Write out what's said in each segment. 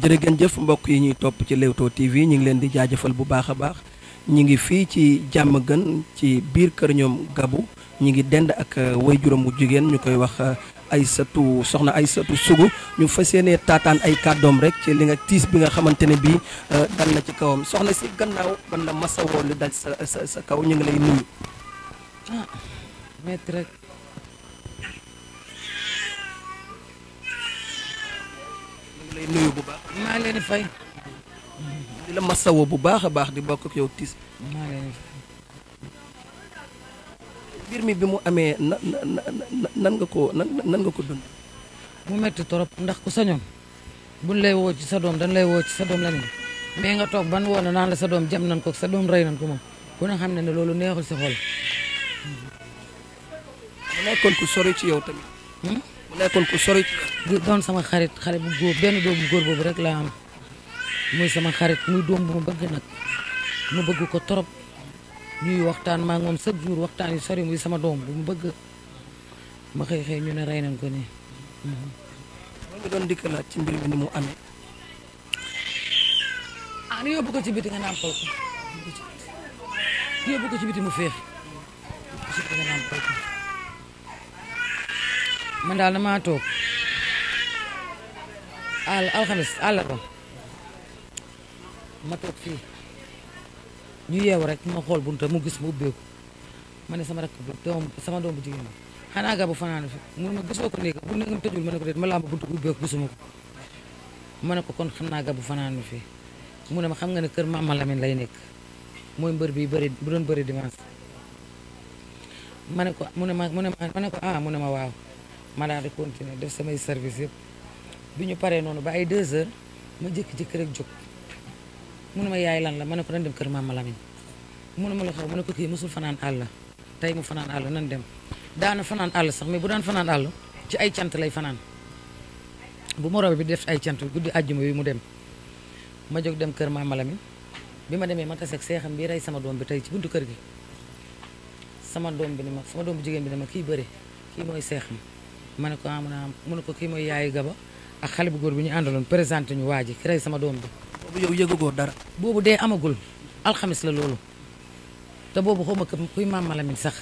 jërëgën jëf mbokk yi ñuy topp ci Leewtoo TV ñu ngi leen di jaajëfal bu baax a baax ñu ngi fii ci jàmm gën ci biir kër ñoom Gabu ñu ngi dend ak euh, way juróom bu jigéen ñu koy wax ay euh, Aysatu soxna Aysatu Sugu ñu fas yéenee taataan ay kàddoom rek ci li nga tiis bi nga xamante ne bii euh, dal na ci kawam soxna si gannaaw ban la masawoo li dal sa sa sa kaw ñu ngi lay nuyu. Ah, ngi lay nuyu bu baax. maa leen di fay. di la masawo bu baax a baax di bokk yow tiis. maa mi bi mu amee na nan nga ko nan nan nga ko dund. mu metti trop ndax ku sañoon buñ lay woo ci sa doom dañ lay woo ci sa doom la ne mais nga toog ban woon naan la sa doom jam nan ko sa doom rey nan ko moom ku ne xam ne ne loolu neexul sa xol. nekkoon ku sori ci yow tamit. Hmm? mu nekkoon ku sori. di doon sama xarit xale bu góor benn doomu góor boobu rek laa am muy sama xarit muy doom bu ma bëgg ko trop ñuy waxtaan maa ngi moom waxtaan yu sori muy sama doom bu mu bëgg ma xëy xëy ñu ne rey nañ ko ci mbir ni mu amee. ah ni yóbbu ci biti mu féex yóbbu ko ci biti nga man daal damaa toog àll alxames àllarba ma toog fii ñu yeewu rek ma xool bunta mu gis ma ubbeeku ma ne sama rakk doom bu jigéen la xanaa ga bu fanaan fi mu ne ma ne ko déet ma bu ubbeeku xam fi mu ne xam nga ne kër Mama Lamine lay nekk mooy mbër bi bëri bu doon bëri dimanche ma ne ko mu ne ma mu ne ma ne ko ah mu ne ma waaw ma daal di def samay service yëpp bi ñu paree noonu ba ay 2 heures ma jékki-jékki rek jóg mu ne ma yaay lan la ma ne ko nan dem kër Mama Lamine mu ne ma la xaw ne ko kii mosul fanaan àll tey mu fanaan àll nan dem daana fanaan àll sax mais bu daan fanaan ci ay cant lay fanaan bu moroom bi def ay cant guddi àjjuma bi mu dem ma jóg dem kër Mama Lamine bi ma demee ma tase ak seexam bi rey sama doom bi tey ci buntu kër gi sama doom bi ne ma sama doom bu jigéen bi ne ma kii bëre kii mooy seexam ma ne ko ah, ah mu ne ko kii mooy yaayu gaba ak xale bu góor bi ñu àndaloon présenté ñu waa ji ki rey sama doom bi. boobu yow yëgagoo dara. boobu dee amagul alxamis la loolu te boobu xaw ma kuy maam Malamine sax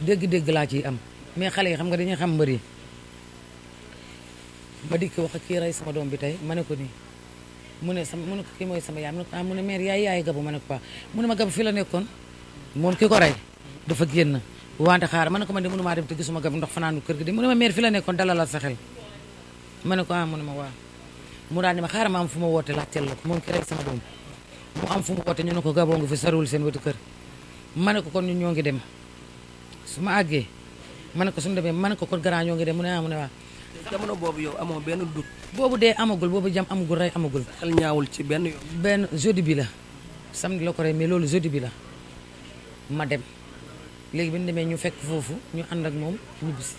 dégg-dégg laa ci am mais xale yi xam nga dañuy xam mbër yi ma dikk wax ak kii rey sama doom bi tey ma ne ko nii mu ne sama mu kii mooy sama yaay mu ne ko ah mu ne yaay yaay gabu ma ne ko ah mu ma gabu fi la nekkoon moom ki ko rey dafa génn. wante xaar ma ne ko ma de mënu maa dem te gisuma gab ndox fanaanu kër gi de mu ne ma mère fi ma ne ko ah mu ne ma waaw mu daal ne ma xaaral am fu ma woote laajteel la ko moom ki rek sama doom mu am fu mu woote ñu ne ko gaboo nga fi sarul seen wetu kër ma ne ko kon ñun ñoo ngi dem su ma àggee ma ne ko suñu demee ma ne ko kon grand ñoo ngi dem mu ne ah mu ne waaw jamono boobu yow amoo benn dut boobu dee amagul boobu jam amagul rey amagul xel ñaawul ci benn yoon benn jeudi bi la samedi la ko rey mais loolu jeudi bi la ma dem léegi bi ñu demee ñu fekk foofu ñu ànd ak moom ñibbisi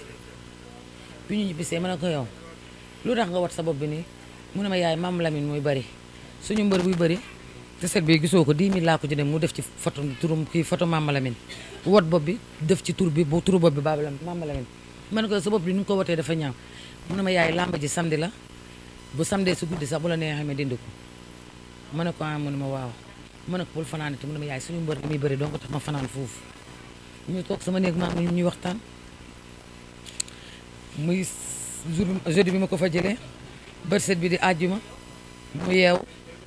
bi ñu ñibbisee ma ne ko yow lu tax nga wat sa bopp bi nii mu ne ma yaay maam Lamine muy bëri suñu mbër buy bëri te bi gisoo ko 10 000 laa ko jëndee mu def ci photo turam kii photo maam Lamine wat bi def ci tur bi bu turu bopp bi baaba Lamine maam Lamine ma ne sa bopp bi ñu ko watee dafa ñaaw mu ne ma yaay làmb ji samedi la bu samedi su guddi sax bu la neexee ma ko ma ne ko ah mu ma waaw ma ne ko bul fanaane te mu ne ma yaay suñu mbër bi muy bëri donc tax ma fanaan foofu ñu toog sama néeg maam ñuy waxtaan muy jour jeudi bi ma ko fa jëlee bërset bi di àjjuma mu yeew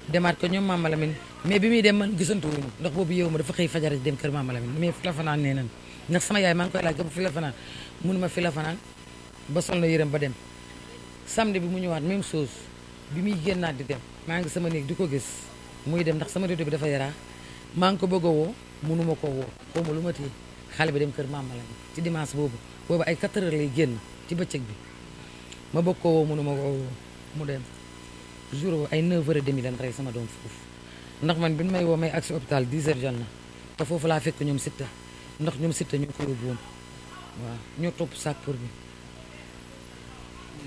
demaat ko ñoom maam Malamine mais bi muy dem man gisantuwuñu ndax boobu yeewu ma dafa xëy fajar dem kër maam Malamine mais fi la nee nan ndax sama yaay maa ngi koy laaj fi la fanaan munuma fi la fanaan ba sol na ba dem samedi bi mu ñëwaat même chose bi muy génnaat di dem maa ngi sama néeg di ko gis muy dem ndax sama rido bi dafa yaraa maa ngi ko bëgg woo munuma ko woo xaw ma lu ma téye xale bi dem kër Mame Balla ci dimanche boobu boobu ay 4 heures lay génn ci bëccëg bi ma bëgg koo woo mënu ma ko mu dem jour ay 9 heures et demi rey sama doom foofu ndax man bi may woo may agsi hôpital 10 heures jot te foofu laa fekk ñoom sitta ndax ñoom sitta ñu ko yóbbu woon waaw ñoo topp sàkkur bi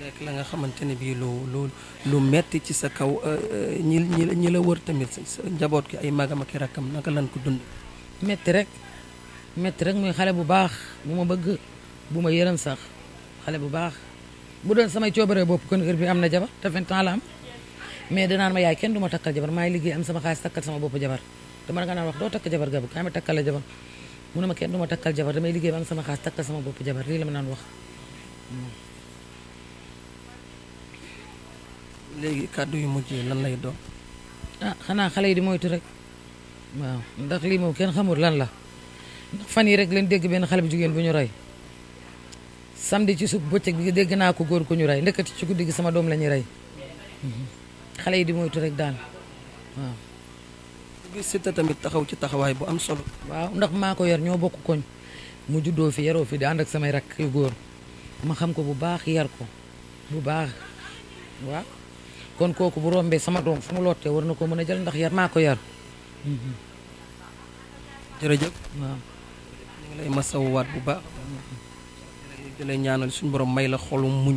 rek la nga xamante ne bii lu lu lu metti ci sa kaw euh, euh, ñi ñi ñi la wër tamit sa njaboot ki ay magam ak i rakkam naka lan ko dund metti rek metti rek mooy xale bu baax bu ma bëgg bu ma yërëm sax xale bu baax bu doon samay coobaree bopp kon bi am na jabar te vingt ans la am mais danaan ma yaay kenn du ma takkal jabar maay liggéey am sama xaalis takkal sama bopp jabar dama la nga naan wax doo takk jabar gabu kaay ma takkal la jabar ma kenn du ma takkal jabar damay liggéey ba am sama xaalis takkal sama bopp jabar lii la ma naan wax hmm. léegi kàddu yu mujj lan lay doon ah xanaa xale yi di moytu rek waaw ndax lii moom kenn xamul lan la ndax fan yi rek leen dégg benn xale bu jigéen bu ñu rey samedi ci suuf bëccëg bi dégg naa ko góor ko ñu rey ndëkkati ci guddi gi sama doom la ñuy rey xale yi di moytu rek daal waaw. gis Siteu tamit taxaw ci taxawaay bu am solo. waaw ndax maa ko yar ñoo bokk koñ mu juddoo fi yaroo fi di ànd ak samay rakk yu góor ma xam ko bu baax yar ko bu baax waaw kon kooku bu rombee sama doom fu mu lottee war na koo mën a jël ndax yar maa ko yar. jërëjëf lay masawuwaat bu baax di lay ñaanal suñu borom may la xolum muñ